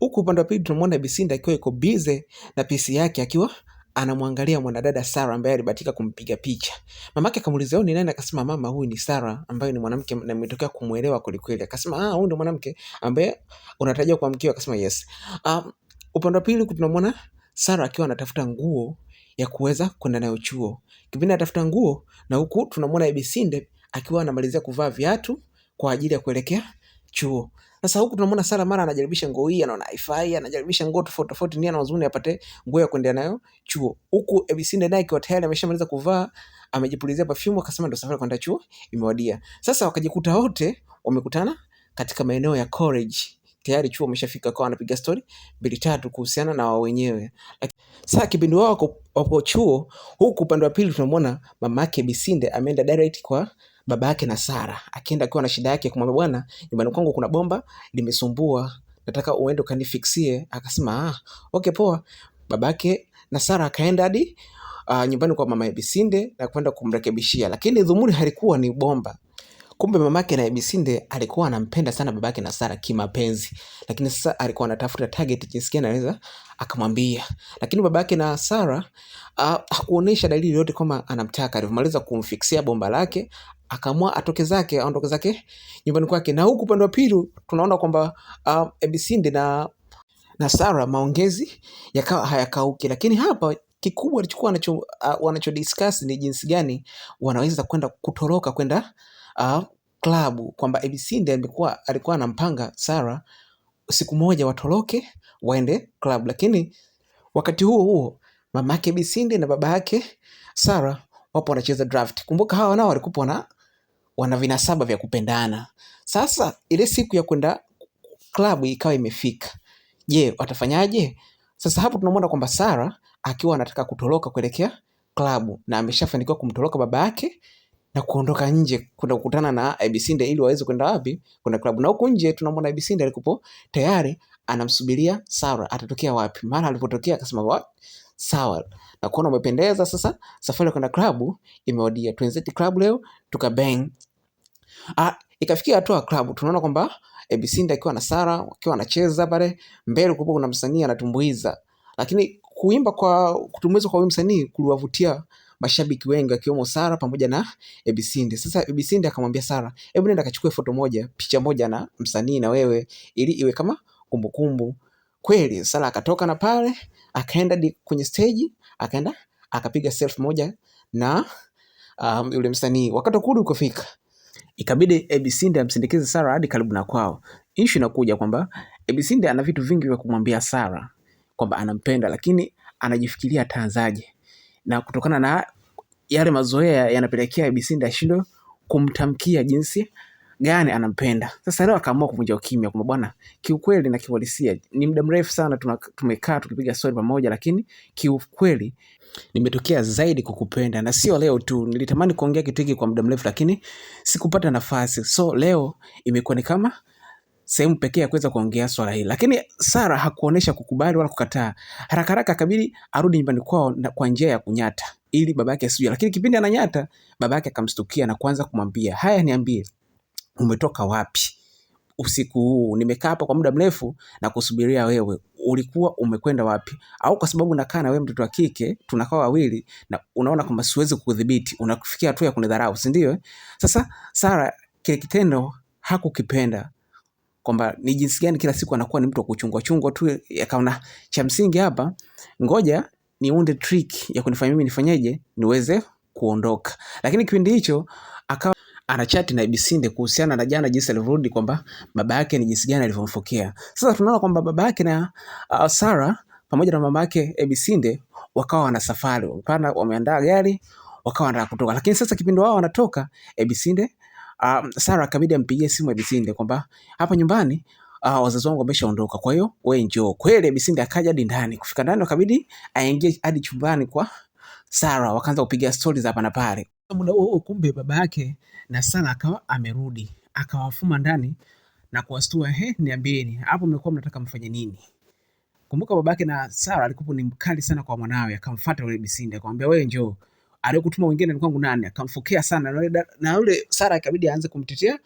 Huku upande wa pili tunamwona Bisinda akiwa iko bize na pisi yake akiwa anamwangalia mwanadada Sara ambaye alibahatika kumpiga picha. Mamake akamuuliza ni nani, akasema mama huyu ni Sara ambaye ni mwanamke na nimetokea kumuelewa kweli kweli. Akasema ah, huyu ndio mwanamke ambaye unatarajia kuwa mkeo, akasema yes. Um, upande wa pili tunamwona Sara akiwa anatafuta nguo ya kuweza kwenda nayo chuo. Kipindi anatafuta nguo na huku tunamwona Ebisinde akiwa anamalizia kuvaa viatu kwa ajili ya kuelekea chuo. Sasa huku tunamwona Sara mara anajaribisha nguo hii, anaona haifai, anajaribisha nguo tofauti tofauti, nia na apate nguo ya kuendea nayo chuo. Huku Ebisinde naye akiwa tayari ameshamaliza kuvaa, amejipulizia perfume, akasema ndo safari kwenda chuo imewadia. Sasa wakajikuta wote wamekutana katika maeneo ya college tayari chuo ameshafika, kwa anapiga stori mbili tatu kuhusiana na wao wenyewe. Sasa kipindi wao wapo chuo, huku upande wa pili tunamwona mamake Bisinde ameenda direct kwa baba yake na Sara akienda akiwa na shida yake, kumwambia bwana, nyumbani kwangu kuna bomba limesumbua, nataka uende ukanifiksie. Akasema ah, okay poa. Baba yake na Sara akaenda hadi uh, nyumbani kwa mama Bisinde na kwenda kumrekebishia, lakini dhumuni halikuwa ni bomba, Kumbe mamake na Ebisinde alikuwa anampenda sana babake na Sara kimapenzi, lakini sasa alikuwa anatafuta target jinsi gani anaweza akamwambia. Lakini babake na Sara ah, hakuonesha dalili yoyote kama anamtaka. Alivyomaliza kumfikisia bomba lake, akaamua atoke zake, aondoke zake nyumbani kwake. Na huku upande wa pili tunaona kwamba Ebisinde ah, na na Sara maongezi yakawa hayakauki, lakini hapa kikubwa alichokuwa wanacho, uh, discuss ni jinsi gani wanaweza kwenda kutoroka kwenda uh, klabu, kwamba ABC ndiye alikuwa alikuwa anampanga Sara siku moja watoroke waende club, lakini wakati huo huo mama yake Bisinde na baba yake Sara wapo wanacheza draft. Kumbuka hawa nao walikuwa na wana vinasaba vya kupendana. Sasa ile siku ya kwenda klabu ikawa imefika. Je, watafanyaje? Sasa hapo tunamwona kwamba Sara akiwa anataka kutoroka kuelekea klabu na ameshafanikiwa kumtoroka baba yake na kuondoka nje kwenda kukutana na Ibisinde ili waweze kwenda wapi? Kwenda klabu. Na huku nje tunamwona Ibisinde alikupo tayari anamsubiria Sara atatokea wapi. Mara alipotokea akasema sawa, na kuona umependeza. Sasa safari ya kwenda klabu imewadia, tuenzetu klabu leo tukabeng. Ah, ikafikia hatua klabu, tunaona kwamba Ebisinde akiwa na Sara wakiwa anacheza pale mbele, kulikuwa kuna msanii anatumbuiza, lakini kuimba kwa kutumbuiza kwa huyu msanii kuliwavutia mashabiki wengi akiwemo Sara pamoja na Ebisinde. Sasa Ebisinde akamwambia Sara, hebu nenda kachukue foto moja, picha moja na msanii na wewe ili iwe kama kumbukumbu kumbu. Kweli Sara akatoka na pale akaenda kwenye stage akaenda akapiga selfie moja na um, yule msanii. Wakati kurudi kufika, ikabidi Ebisinde amsindikize Sara hadi karibu na kwao. Issue inakuja kwamba Ebisinde ana vitu vingi vya kumwambia Sara kwamba anampenda, lakini anajifikiria ataanzaje, na kutokana na yale mazoea yanapelekea Bisinde ashindwe kumtamkia jinsi gani anampenda. Sasa leo akaamua kuvunja ukimya kwamba bwana, kiukweli na kiuhalisia, ni muda mrefu sana tumekaa tukipiga stori pamoja, lakini kiukweli nimetokea zaidi kukupenda, na sio leo tu. Nilitamani kuongea kitu hiki kwa muda mrefu, lakini sikupata nafasi, so leo imekuwa ni kama sehemu pekee ya kuweza kuongea swala hili, lakini Sara hakuonesha kukubali wala kukataa. Haraka haraka kabidi arudi nyumbani kwao kwa njia ya kunyata ili baba yake asijue. Lakini kipindi ananyata, baba yake akamstukia na kuanza kumwambia, haya, niambie umetoka wapi usiku huu? Nimekaa hapa kwa muda mrefu na kusubiria wewe, ulikuwa umekwenda wapi? Au kwa sababu nakaa na wewe, mtoto wa kike, tunakaa wawili, na unaona kwamba siwezi kukudhibiti, unakufikia hatua ya kunidharau, si ndio? Sasa Sara kile kitendo hakukipenda kwamba ni jinsi gani kila siku anakuwa ni mtu wa kuchungwa chungwa tu, akaona cha msingi hapa, ngoja niunde trick ya kunifanya mimi nifanyeje, niweze kuondoka. Lakini kipindi hicho akawa anachati na Ibisinde kuhusiana na jana jinsi alivyorudi kwamba baba yake ni jinsi gani alivyomfokea. Sasa tunaona kwamba baba yake na uh, Sara pamoja na mama yake Ibisinde wakawa wana safari, wamepanda, wameandaa gari, wakawa wanataka kutoka. Lakini sasa kipindi wao wanatoka, Ibisinde um, ah, Sara akabidi ampigie simu ya Bisinde kwamba hapa nyumbani uh, wazazi wangu wameshaondoka, kwa hiyo wewe njoo. Kweli Bisinde akaja hadi ndani. Kufika ndani, akabidi aingie hadi chumbani kwa Sara, wakaanza kupiga stori za hapa na pale. Muda huo kumbe baba yake na Sara akawa amerudi, akawafuma ndani na kuwastua, he, niambieni hapo mmekuwa mnataka mfanye nini? Kumbuka babake na Sara alikuwa ni mkali sana kwa mwanawe, akamfuata yule Bisinde akamwambia, wewe njoo aliyokutuma wengine ni kwangu nani, akamfokea sana na yule na yule Sara ikabidi aanze kumtetea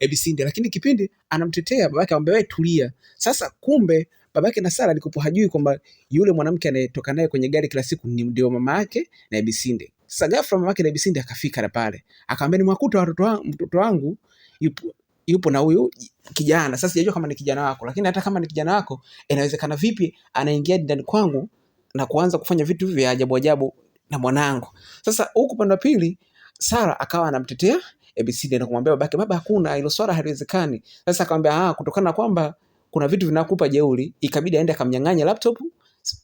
Ebisinde, lakini kipindi anamtetea babake ambaye wewe tulia. Sasa kumbe babake na Sara alikupo hajui kwamba yule mwanamke anayetoka naye kwenye gari kila siku ni ndio mama yake na Ebisinde. Sasa ghafla mama yake na Ebisinde akafika na pale akamwambia, nimwakuta watoto wangu, mtoto wangu yupo yupo na huyu kijana. Sasa sijajua kama ni kijana wako, lakini hata kama ni kijana wako, inawezekana vipi anaingia ndani kwangu na kuanza kufanya vitu vya ajabu ajabu na mwanangu. Sasa huku upande wa pili Sara akawa anamtetea Ebisidi na kumwambia babake, baba, hakuna hilo swala, haliwezekani. Sasa akamwambia ah, kutokana na kwamba kuna vitu vinakupa jeuri, ikabidi aende akamnyang'anya laptop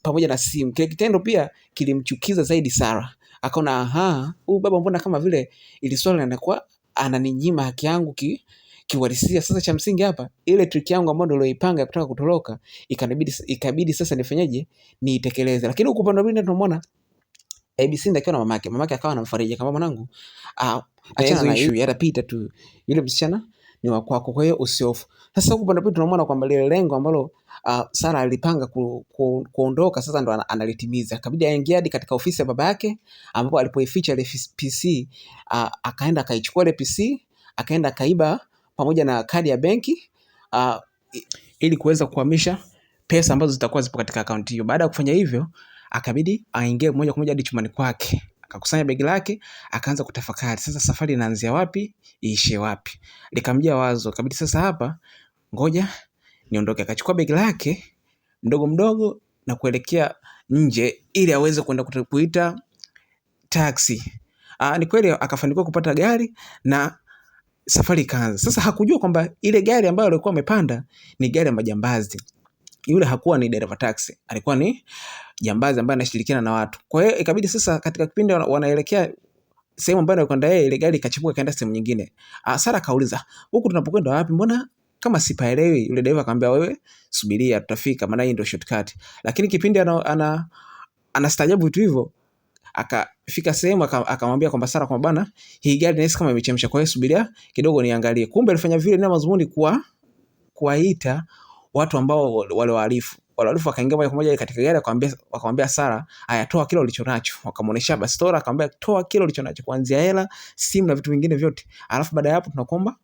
pamoja na simu. Kile kitendo pia kilimchukiza zaidi Sara, akaona aha, huyu baba, mbona kama vile ili swala linakuwa ananinyima haki yangu ki kiuhalisia. Sasa cha msingi hapa, ile trick yangu ambayo nilioipanga ya kutaka kutoroka ikanibidi, ikabidi sasa nifanyeje, niitekeleze. Lakini huku upande wa mwingine tunamwona ABC ndakiwa na mamake, mamake akawa anamfariji kama mwanangu, ah, achana na issue, yatapita tu, yule msichana ni wa kwako, kwa hiyo usihofu. Sasa huko pande tunaona kwamba lile lengo ambalo uh, ah, Sara alipanga ku, ku, kuondoka sasa ndo analitimiza. Kabidi aingia hadi katika ofisi ya baba yake ambapo alipoificha ile PC uh, ah, akaenda akaichukua ile PC akaenda akaiba pamoja na kadi ya benki uh, ili kuweza kuhamisha pesa ambazo zitakuwa zipo katika akaunti hiyo. Baada ya kufanya hivyo akabidi aingie moja kwa moja hadi chumbani kwake akakusanya begi lake akaanza kutafakari, sasa safari inaanzia wapi iishe wapi? Likamjia wazo, kabidi sasa hapa, ngoja niondoke. Akachukua begi lake mdogo mdogo na kuelekea nje ili aweze kwenda kuita taksi. Aa, ah, ni kweli akafanikiwa kupata gari na safari ikaanza. Sasa hakujua kwamba ile gari ambayo alikuwa amepanda ni gari ya majambazi. Yule hakuwa ni dereva taksi, alikuwa ni jambazi ambaye anashirikiana na watu. Kwa hiyo ikabidi sasa katika kipindi wanaelekea sehemu ambayo anakwenda yeye, ile gari ikachipuka ikaenda sehemu nyingine. Ah, Sara kauliza, "Huku tunapokwenda wapi? Mbona kama sipaelewi?" Yule dereva akamwambia, "Wewe subiria, tutafika maana hii ndio shortcut." Lakini kipindi ana ana anastajabu vitu hivyo akafika sehemu akamwambia kwamba Sara kwa bana, hii gari naisi kama imechemsha, kwa hiyo subiria kidogo niangalie. Kumbe alifanya vile na mazumuni kuwa kuwaita watu ambao wale wahalifu Walawifu wakaingia moja kwa moja katika gari, wakamwambia wakamwambia Sara, haya toa kile ulichonacho. Wakamuonesha bastola, akamwambia toa kile ulichonacho, kuanzia hela, simu na vitu vingine vyote, alafu baada ya hapo tunakuomba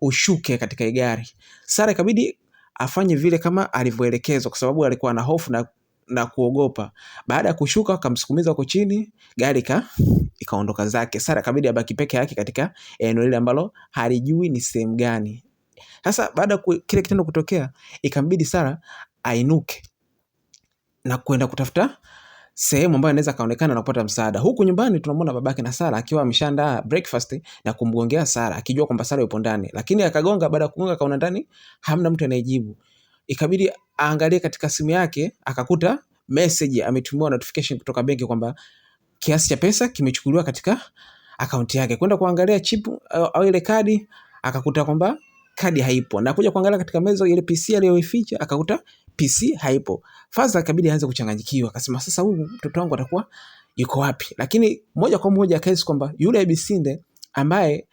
ushuke katika gari. Sara ikabidi afanye vile kama alivyoelekezwa, kwa sababu alikuwa na hofu na na kuogopa. Baada ya kushuka akamsukumiza huko chini, gari ka ikaondoka zake. Sara ikabidi abaki peke yake katika eneo lile ambalo halijui ni sehemu gani. Sasa baada ya kile kitendo kutokea, ikambidi Sara ainuke na kwenda kutafuta sehemu ambayo anaweza akaonekana na kupata msaada. Huku nyumbani tunamwona babake na Sara akiwa ameshaandaa breakfast na kumgongea Sara akijua kwamba Sara yupo ndani, lakini akagonga. Baada ya kugonga akaona ndani hamna mtu anayejibu, ikabidi aangalie katika simu yake, akakuta message ametumiwa notification kutoka benki kwamba kiasi cha pesa kimechukuliwa katika akaunti yake. Kwenda kuangalia chipu uh, au ile kadi, akakuta kwamba kadi haipo, na kuja kuangalia katika meza ile PC aliyoificha akakuta PC haipo. Faza kabidi aanze kuchanganyikiwa, akasema sasa huyu mtoto wangu atakuwa yuko wapi? Lakini moja kwa moja akaisi kwamba yule Bisinde ambaye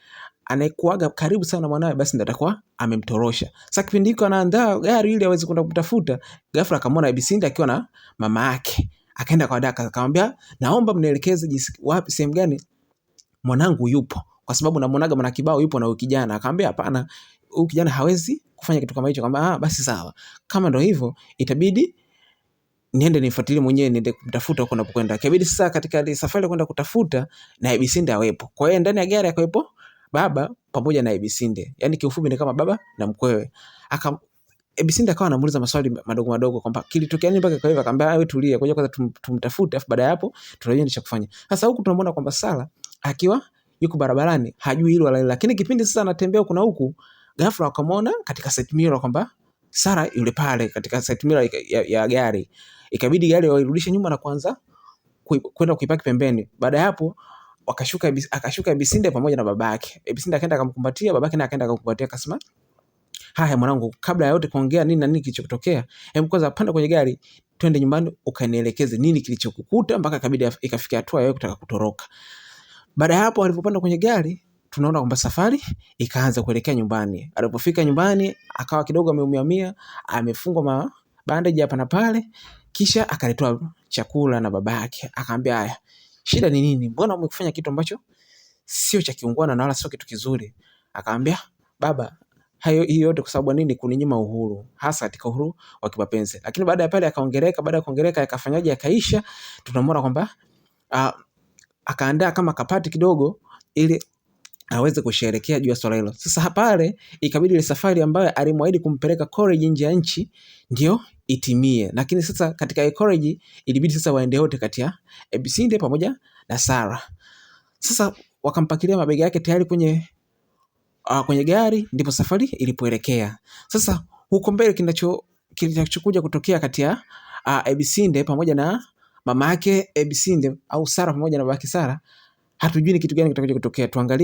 anaikuaga karibu sana mwanawe, basi ndo atakuwa amemtorosha. Sasa kipindi hiko anaandaa gari ili aweze kwenda kumtafuta, ghafla akamwona Bisinde akiwa na mama yake, akaenda kwa dada akamwambia, naomba mnielekeze jinsi wapi, sehemu gani mwanangu yupo, kwa sababu namuonaga mwana kibao yupo na huyu kijana. Akamwambia hapana, huyu kijana hawezi kufanya kitu kama hicho, kwamba ah, basi sawa, kama ndo hivyo itabidi niende nifuatilie mwenyewe, niende kutafuta huko napokwenda. Ikabidi sasa katika safari kwenda kutafuta, na Ibisinde awepo. Kwa hiyo ndani ya gari akawepo baba pamoja na Ibisinde. yaani kiufupi ni kama baba na mkwewe. Aka Ebisinde akawa anamuuliza maswali madogo madogo kwamba kilitokea nini mpaka kaweva, akamwambia ah, wewe tulia, kwa kwanza tum, tumtafute, afu baada ya hapo tunajua nini cha kufanya. Sasa huku tunamwona kwamba Sara akiwa yuko barabarani, hajui hilo wala, lakini kipindi sasa anatembea kuna huku ghafla wakamwona katika side mirror kwamba Sara yule pale katika side mirror ya, ya gari, ikabidi gari wairudishe nyuma na kwanza kwenda kuipaki pembeni. Baada ya hapo wakashuka, akashuka Ebisinde pamoja na babake. Ebisinde akaenda akamkumbatia babake, naye akaenda akamkumbatia akasema, haya mwanangu, kabla ya yote kuongea nini na nini kilichotokea, hebu kwanza panda kwenye gari twende nyumbani ukanielekeze nini kilichokukuta mpaka kabidi ikafikia hatua ya kutaka kutoroka. Baada ya hapo alipopanda kwenye gari tunaona kwamba safari ikaanza kuelekea nyumbani. Alipofika nyumbani, akawa kidogo ameumiamia, amefungwa mabandeji hapa na pale, kisha akaletewa chakula na baba yake, akaambia haya, shida ni nini? Mbona umekufanya kitu ambacho sio cha kiungwana na wala sio kitu kizuri? Akaambia baba, hayo hiyo yote kwa sababu nini? Kuninyima uhuru, hasa katika uhuru wa kimapenzi. Lakini baada ya pale akaongeleka, baada ya kuongeleka akafanyaje, akaisha. Tunamwona kwamba ah, akaandaa kama kapati kidogo ili aweze kusherekea juu ya swala hilo. Sasa pale ikabidi ile safari ambayo alimwahidi kumpeleka college nje ya nchi ndio itimie, lakini sasa katika ile college ilibidi sasa waende wote kati ya Ebisinde pamoja na Sara. Sasa wakampakilia mabega yake tayari kwenye uh, kwenye gari, ndipo safari ilipoelekea. Sasa huko mbele kinacho kinachokuja kutokea kati ya uh, ah, Ebisinde pamoja na mama yake Ebisinde au Sara pamoja na baba yake Sara, hatujui ni kitu gani kitakacho kutokea. Tuangalie.